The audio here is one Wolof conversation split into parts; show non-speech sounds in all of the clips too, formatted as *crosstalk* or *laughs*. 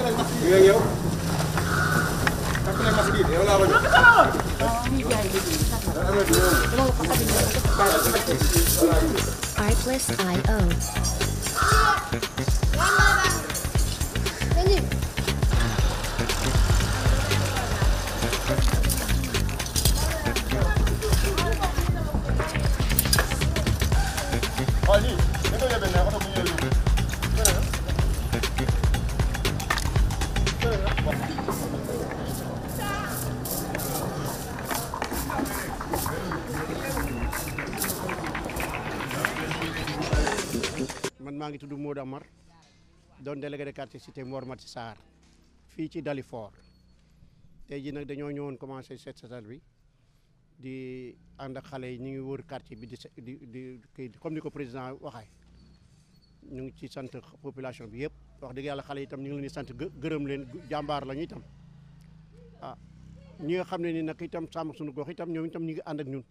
a r t l e s i o man maa ngi tudd Modou Amar don délégué de quartier cité Mor Mati Sarr fii ci Dalifort tay ji nak daño ñëwoon commencé set setal bi di and ak xalé yi ñi ngi wër quartier bi di di comme ni ko président waxay ñu ngi ci sante population bi yépp wax dëgg yàlla xale itam ñu ngi leen di sant gërëm leen jàmbaar lañu itam ah ñi nga xam ne ni nag itam sàmm suñu gox itam ñoom itam ñu ngi ànd ak ñun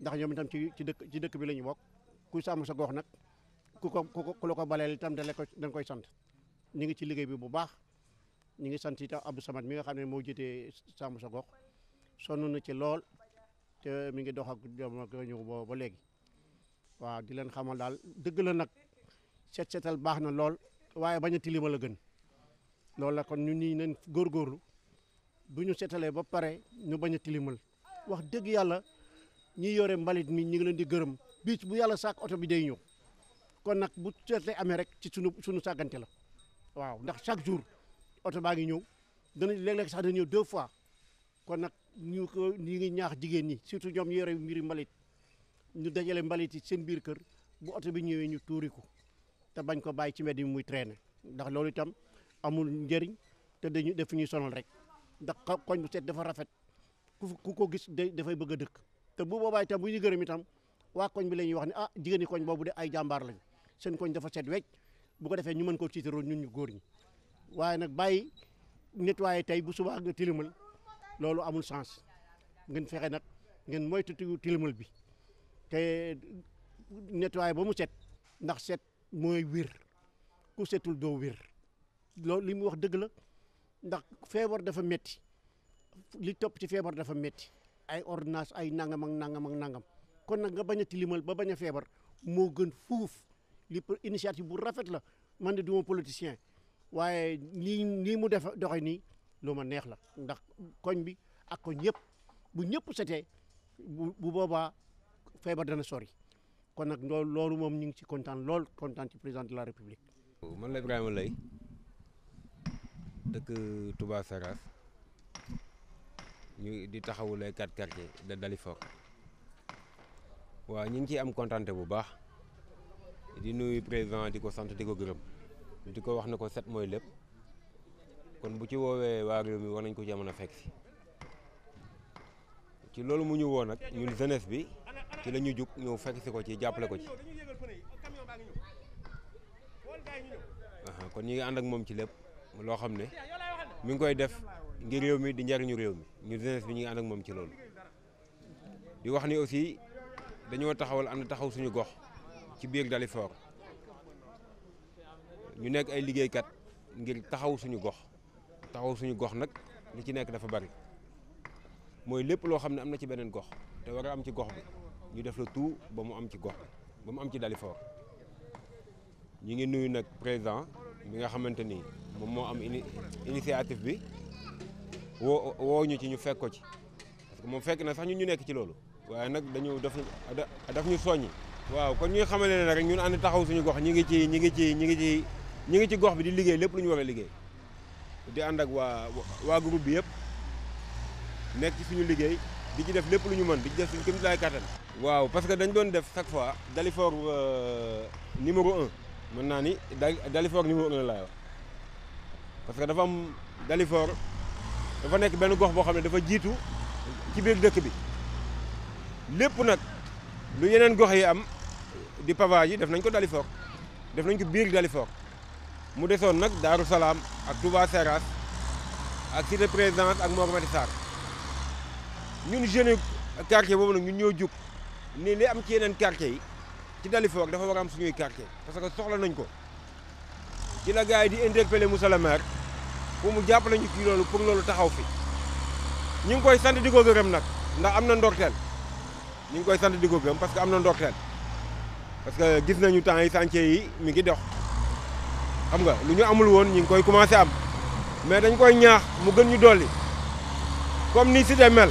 ndax ñoom itam ci ci dëkk ci dëkk bi lañu bokk ku sàmm sa gox nag ku ko ku la ko baleel itam da ko da koy sant ñu ngi ci liggéey bi bu baax ñu ngi sant itam Abdou Samad mi nga xam ne moo jitee sàmm sa gox sonn na ci lool te mi ngi dox ak jamono bo ba léegi waaw di leen xamal daal dëgg la nag set setal al lol, lol waaye bañ tilima la gën lol la kon ñu ni nañ gor bu ñu sétalé ba pare ñu baña tilimal wax deug yalla ñi yore mbalit mi ñi ngi leen di gërëm biis bu yalla sak auto bi day ñu kon nak bu sétalé amé rek ci sunu sunu saganté la waaw ndax chaque jour auto ba ngi ñew dañu léeg-léeg sax dañu ñew deux fois kon nak ñu ko ngi ñaax jigéen ñi surtout ñom yoré mbiri mbalit ñu dajalé mbalit ci seen biir kër bu auto bi ñewé ñu touriko te bañ ko bàyyi ci mbedd mi muy traîner ndax loolu itam amul njëriñ te dañu def ñuy sonal rek ndax koñ bu set dafa rafet ku ko gis dafay bëgg a dëkk te bu boobaa itam bu ñu gërëm itam waa koñ bi la ñuy wax ne ah jigéen ñi koñ boobu de ay jàmbaar lañ seen koñ dafa set wecc bu ko defee ñu mën koo tiitaroo ñun ñu góor ñi waaye nag bàyyi nettoyé tey bu subaa nga tilimal loolu amul sens ngeen fexe nag ngeen moytu tilimal bi te nettoyé ba mu set ndax set mooy wir ku setul doo wir loolu li dak wax de la ndax feebar dafa metti li topp ci feebar dafa metti ay ordonnance ay nangam ak nangam ak nangam kon nag nga bañ a tilimal ba bañ a feebar gën fuuf li initiative bu rafet la man de duma politicien waaye ni ni mu def doxe nii lu ma neex la ndax koñ bi ak koñ yëpp bu ñëpp setee bu boobaa feebar dana sori kon nag loolu loolu moom ñu ngi ci kontaan lool kontaan ci président de la république. man la Ibrahima Lay dëkk Touba Seras ñu di taxawu les quatre quartiers de Dalifort waaw ñu ngi ci am kontaante bu baax di nuyu président di ko sant di ko gërëm di ko wax na ko set mooy lépp kon bu ci woowee waario mi war nañ ko ci a fekk si ci loolu mu ñu woo nag ñun jeunesse bi. ci la ñu jug ñëw fekk si ko ci jàppale ko ci kon ñu ngi ànd ak moom ci lépp loo xam ne mi ngi koy def ngir réew mi di njariñu réew mi ñu jeunesse bi ñu ngi ànd ak moom ci loolu di wax ni aussi dañoo taxawal ànd taxaw suñu gox ci biir Dalifort ñu nekk ay liggéeykat ngir taxaw suñu gox taxaw suñu gox nag li ci nekk dafa bari mooy lépp loo xam ne am na ci beneen gox te war a am ci gox bi ñu def la tout ba mu am ci gox ba mu am ci Dalifort ñu ngi nuyu nag président bi nga xamante ni moom moo am initiative bi woo woo ñu ci ñu fekk ko ci parce que moom fekk na sax ñun ñu nekk ci loolu waaye nag dañu daf daf ñu soññi. waaw kon ñuy xaman ne rek ñun ànd taxaw suñu gox ñi ngi ci ñi ngi ci ñi ngi ci ñi ci gox bi di liggéey lépp lu ñu war a liggéey di ànd ak waa waa groupe bi yëpp nekk ci suñu liggéey. di ci def lepp lu ñu mën di ci def suñu kéem tolluwaay kattan. waaw parce que dañ doon def chaque fois Dalifort euh, numéro 1 mën naa ni dalifor numéro 1 laay wax parce que dafa am dalifor dafa nekk benn gox boo xam ne dafa jiitu ci biir dëkk bi lépp nag lu yeneen gox yi am di pavage yi def nañ ko dalifor def nañ ko biir dalifor mu desoon nag daru Salaam ak Touba Seras ak Cité Présidence ak Mor Mati Sarr ñun jeunes quartier boobu nag ñun ñoo jóg ni li am ci yeneen quartier yi ci Dalifort dafa war a am suñuy quartier parce que soxla nañ ko ci la gars yi di interpeller Moussa le maire pour mu jàppale ñu ci loolu pour loolu taxaw fi ñu ngi koy sant di ko nag ndax am na ndorteel ñu ngi koy sant di ko parce que am na ndorteel parce que gis nañu temps yi chantier mi ngi dox xam nga lu ñu amul woon ñu ngi koy commencé am mais dañ koy ñaax mu gën ñu dolli comme ni cité mel.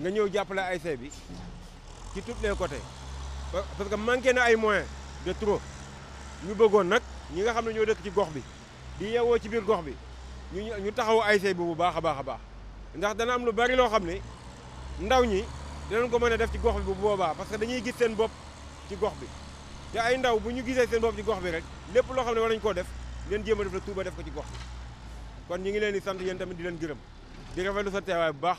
nga ñëw jàppale ASC bi ci tous les côtés parce que manqué na ay moyens de trop ñu bëggoon nag ñi nga xam ne ñoo dëkk ci gox bi di yeewoo ci biir gox bi ñu ñu taxawu ASC bi bu baax a baax baax ndax dana am lu bari loo xam ne ndaw ñi dinañ ko mën a def ci gox bi bu boobaa parce que dañuy gis seen bopp ci gox bi te ay ndaw bu ñu gisee seen bopp ci gox bi rek lépp loo xam ne war nañ koo def leen jéem a def la Touba def ko ci gox bi kon ñu ngi leen di sant yéen tamit di leen gërëm di rafetlu sa teewaay bu baax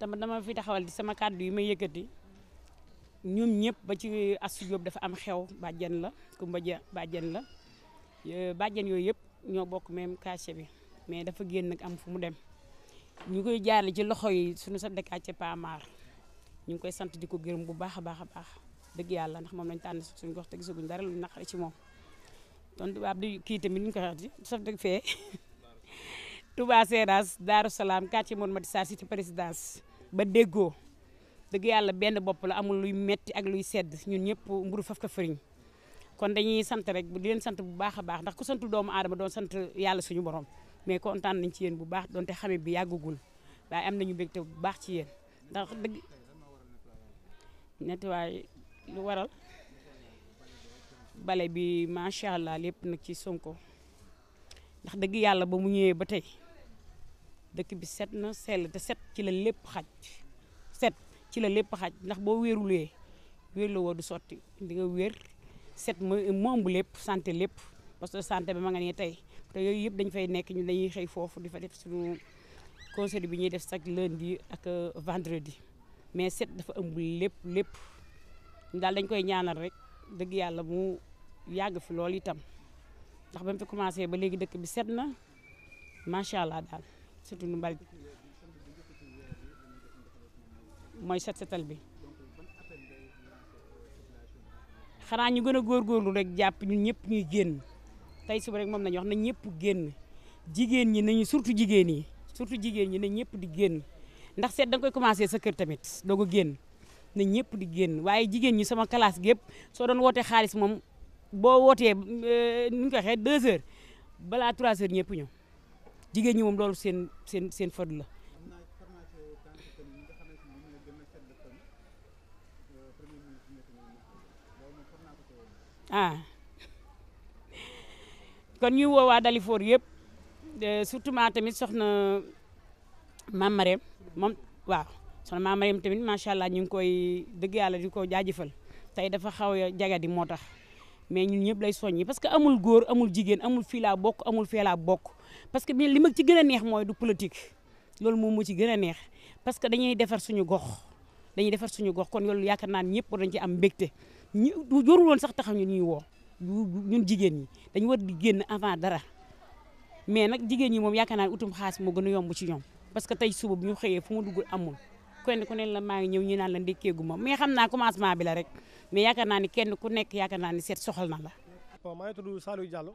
dama dama fi taxawal di sama kàddu yi may yëkkati ñoom ñëpp ba ci Astou dafa am xew bàjjen la Kumba Ja bàjjen la bàjjen yooyu yëpp ñoo bokk même cachet bi mais dafa génn nag am fu mu dem ñu koy jaarale ci loxo yi suñu chef de quartier Pamar ñu ngi koy sant di ko gërëm bu baax a baax a dëgg yàlla ndax moom lañ tànn suñu gox te gisaguñ dara lu naqari ci moom donc tubaab di kii tamit ñu ko waxee chef de fee *laughs* Touba Seras Daaru Salaam quartier ma Mati Sarr cité présidence ba déggoo dëgg yàlla benn bopp la amul luy metti ak luy sedd ñun ñëpp mburu faf ka fëriñ kon dañuy sant rek bu leen sant bu baax a baax ndax ku sant doomu aadama doon sant yàlla suñu borom mais kontaan nañ ci yéen bu baax doonte xame bi yàggagul waaye am nañu mbégte bu baax ci yéen ndax dëgg nettoyé lu waral bale bi macha allah lépp nag ci Sonko ndax dëgg yàlla ba mu ñëwee ba tey dëkk bi set na sell set ci la lépp xaj set ci la lépp xaj ndax boo wéerulee wéer la woo du sotti di nga wéer set moo ëmb lépp santé lépp parce que santé bi ma nga ne tey yooyu yëpp dañ fay nekk ñu dañuy xëy foofu di fa def suñu conseil bi ñuy def chaque lundi ak euh, vendredi mais set dafa ëmb lépp lépp daal dañ koy ñaanal rek dëgg yàlla mu yàgg fi loolu itam ndax ba mu fi commencé ba léegi dëkk bi set na macha allah daal. si tund mbal bi mooy set setal bi xanaa ñu gën a góorgóorlu rek jàpp ñun ñëpp ñuy génn tey suba rek moom nañu wax na ñëpp génn jigéen ñi nañu surtout jigéen yi surtout jigéen ñi na ñëpp di génn ndax seet da nga koy sa kër tamit doo génn na ñëpp di génn waaye jigéen ñi sama classe gépp soo doon wootee xaalis moom boo wootee euh, nu ñu ko waxee 2 heures balaa 3 heures ñëpp ñëw. jigéen ñi moom loolu seen seen seen fadu la ah kon ñu woo waa Dalifort yëpp euh, surtout ma tamit soxna Mame Marème moom waaw soxna Mame tamit macha allah ñu ngi koy dëgg yàlla di ko jaajëfal tey dafa xaw a jagadi moo tax mais ñun ñëpp lay soññi parce que amul góor amul jigéen amul filaa bokk amul fee bokk parce que mais li ma ci gën a neex mooy du politique loolu moom moo ci gën a neex parce que dañuy defar suñu gox dañuy defar suñu gox kon loolu yaakaar naa ñëpp dañ ci am mbégte ñu jorul woon sax taxaw ñu ñuy ñun jigéen ñi dañu war di génn avant dara mais nag jigéen ñi moom yaakaar naa utum xaalis moo gën a yomb ci ñoom parce que tey suba bu ñu xëyee fu mu dugg amul kenn ku ne la maa ngi ñëw ñu naan la ndékkeegu ma mais xam naa commencement bi la rek mais yaakaar ni kenn ku nekk yaakaar naa ni seet soxal na la. waaw maa ngi tudd Saliou Diallo.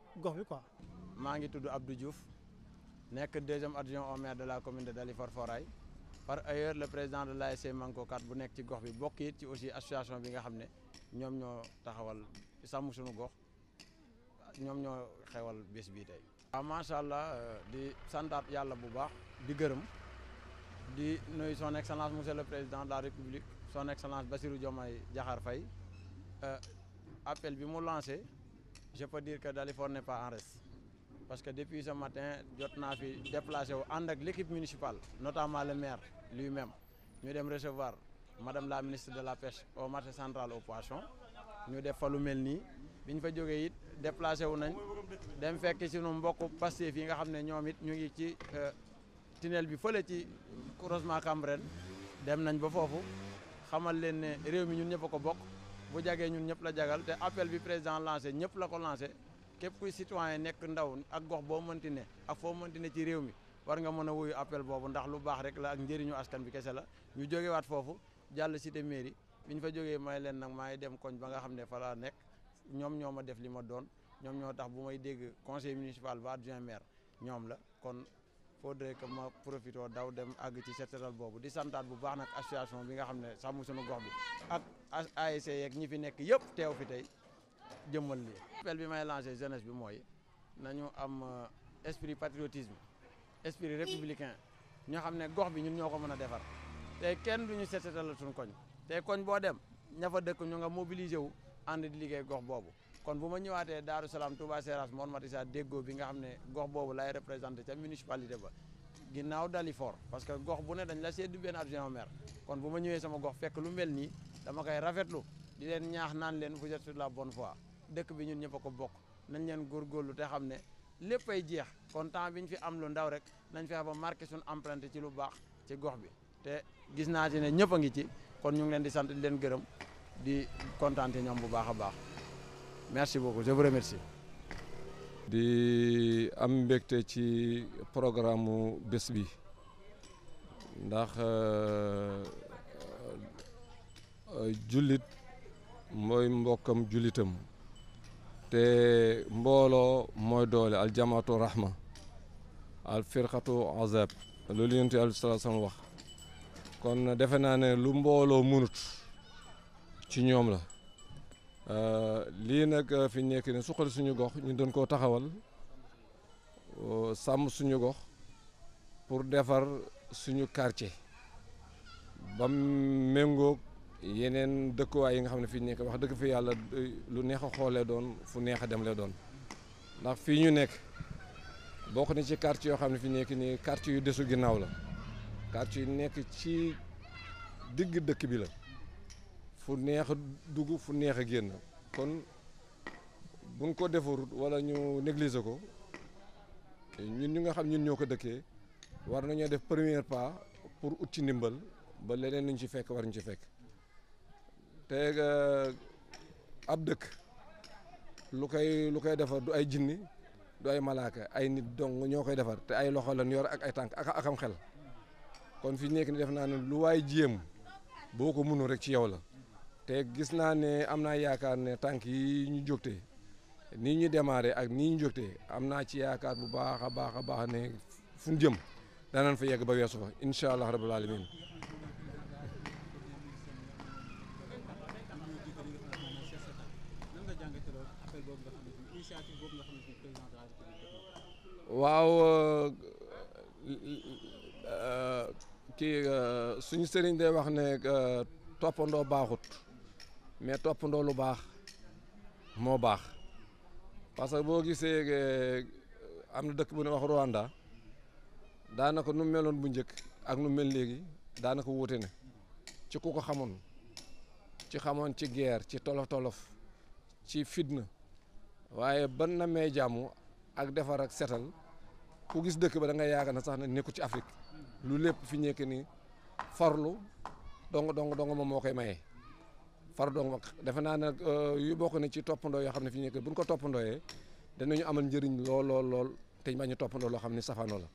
gox bi quoi. maa ngi tudd Abdou Diouf nekk deuxième adjoint au maire de la commune de Dalifort Foirail par ailleurs le président de l'ASC Manko 4 bu nekk ci gox bi bokk it ci aussi association bi nga xam ne ñoom ñoo taxawal sàmm sunu gox ñoom ñoo xewal bés bii tey. waaw macha allah euh, di santaat yàlla bu baax di gërëm di nuyu son excellence monsieur le président de la république son excellence Bassirou Diomaye Diakhar Faye euh, appel bi mu lancé je peux dire que Dalifort n'est pas en reste. Parce que depuis ce matin, Jotna a déplacé avec l'équipe municipale, notamment le maire lui-même. Nous devons recevoir Madame la ministre de la Pêche au marché central au Poisson. Nous avons fait le bi ñu fa jógee it déplacé nañ dem fekk ci ñu mbokk passé fi nga xamné ne ñoom it ñu ngi ci euh, tunnel bi feulé ci croisement Cambren dem nañ ba fofu xamal leen ne réew mi ñun ñëpp ko bokk bu jagee ñun ñëpp la jagal te appel bi président lancé ñëpp la ko lancé képp kuy citoyen nekk ndaw ak gox boo mënti ne ak foo mënti ne ci réew mi war nga mën a wuyu appel boobu ndax lu baax rek la ak njëriñu askan bi kese la ñu waat foofu jàll cité mairie bi ñu fa jógee may leen nag maay dem koñ ba nga xam ne fa laa nekk ñoom ñoo ma def li ma doon ñoom ñoo tax bu may dégg conseil municipal ba adjoint maire ñoom la kon faudrait que ma profité daw dem àgg ci setsetal boobu di santaat bu baax nag association bi nga xam ne sàmm suñu gox bi ak ASC yeeg ñi fi nekk yëpp teew fi tey jëmmal li appel bi may lancé jeunesse bi mooy nañu am euh, esprit patriotisme esprit républicain ñoo xam ne gox bi ñun ñoo ko mën a defar te kenn duñu setsetal suñu koñ te koñ boo dem ña fa dëkk ñu nga mobiliser wu ànd di liggéey gox boobu kon bu ma ñëwaatee Daaru Salaam Touba moon Mor Matissa déggoo bi nga xam ne gox boobu lay représenté ca municipalité ba ginnaaw Dalifort parce que gox bu ne dañ la seddu benn adjoint au kon bu ma ñëwee sama gox fekk lu mel nii dama koy rafetlu di leen ñaax naan leen vous êtes sur la bonne fois dëkk bi ñun ñëpp ko bokk nañ leen góorgóorlu te xam ne lépp ay jeex kon temps bi ñu fi am lu ndaw rek nañ fexe ba marqué suñu empreinte ci lu baax ci gox bi te gis naa ci ne ñëpp a ngi ci kon ñu ngi leen di sant di leen gërëm di kontaan ñoom bu baax a baax merci beaucoup je vous remercie. di am mbégte ci programme mu bés bi ndax euh, euh, jullit mooy mbokkam jullitam te mbooloo mooy doole al jamaatu rahma al firqatu azab loolu yonent alayhi salaatu salaam wax kon defe naa ne lu mbooloo munut ci ñoom la. Euh, lii nag euh, fi nekk nii suqali suñu gox ñu doon koo taxawal euh, sàmm suñu gox pour defar suñu quartier ba méngoog yeneen dëkkuwaay yi nga xam ne fi nekk wax dëgg fi yàlla lu neex a xoolee doon fu neex a dem le doon ndax fii ñu nekk bokk na ci quartier yoo xam ne fi nekk nii quartier yu desu ginnaaw la quartier yu nekk ci digg dëkk bi la fu neex dugg fu neex a kon buñ ko defarut wala ñu négliger ko ñun ñu nga xam ñun ñoo ko dëkkee war nañoo def premier pas pour ut nimbal ndimbal ba leneen ñu ci fekk war ñu ci fekk te euh, ab dëkk lu koy lu koy defar du ay jinni du ay malaaka ay nit dong ñoo koy defar té ay loxo lan yor ak ay tank ak akam xel kon fi nekk ni def naa ne lu waay jéem boo ko rek ci yow la te gis naa ne am na yaakaar ne tànk yi ñu jógtee nii ñu démarré ak nii ñu jógtee am naa ci yaakaar bu baax a baax a baax ne fu ñu jëm danañ fa yegg ba weesu fa incha allah rabbil alamin waaw euh, euh, kii euh, suñu sëriñ day wax ne toppandoo baaxut mais ndo lu bax mo bax parce que bo gisé eh, am dëkk bu ne wax Rwanda daanaka nu meloon bu ñëk ak nu mel léegi daanaka wuté ne ci ku ko xamone ci xamone ci guerre ci tolof tolof ci fitna waaye ban na mee jamu ak défar ak sétal ku gis dëkk ba da nga yaakaar na sax na neeku ci Afrique lu lepp fi ñëk ni farlu dong dong dong mo maye. pardon wax defe naa nag euh, yu bokk na ci toppandoo yoo xam ne fi ñu nekk bu ñu ko toppandooyee danañu amal njëriñ lool lool lool te bañ a toppandoo loo xam ne safaanoo la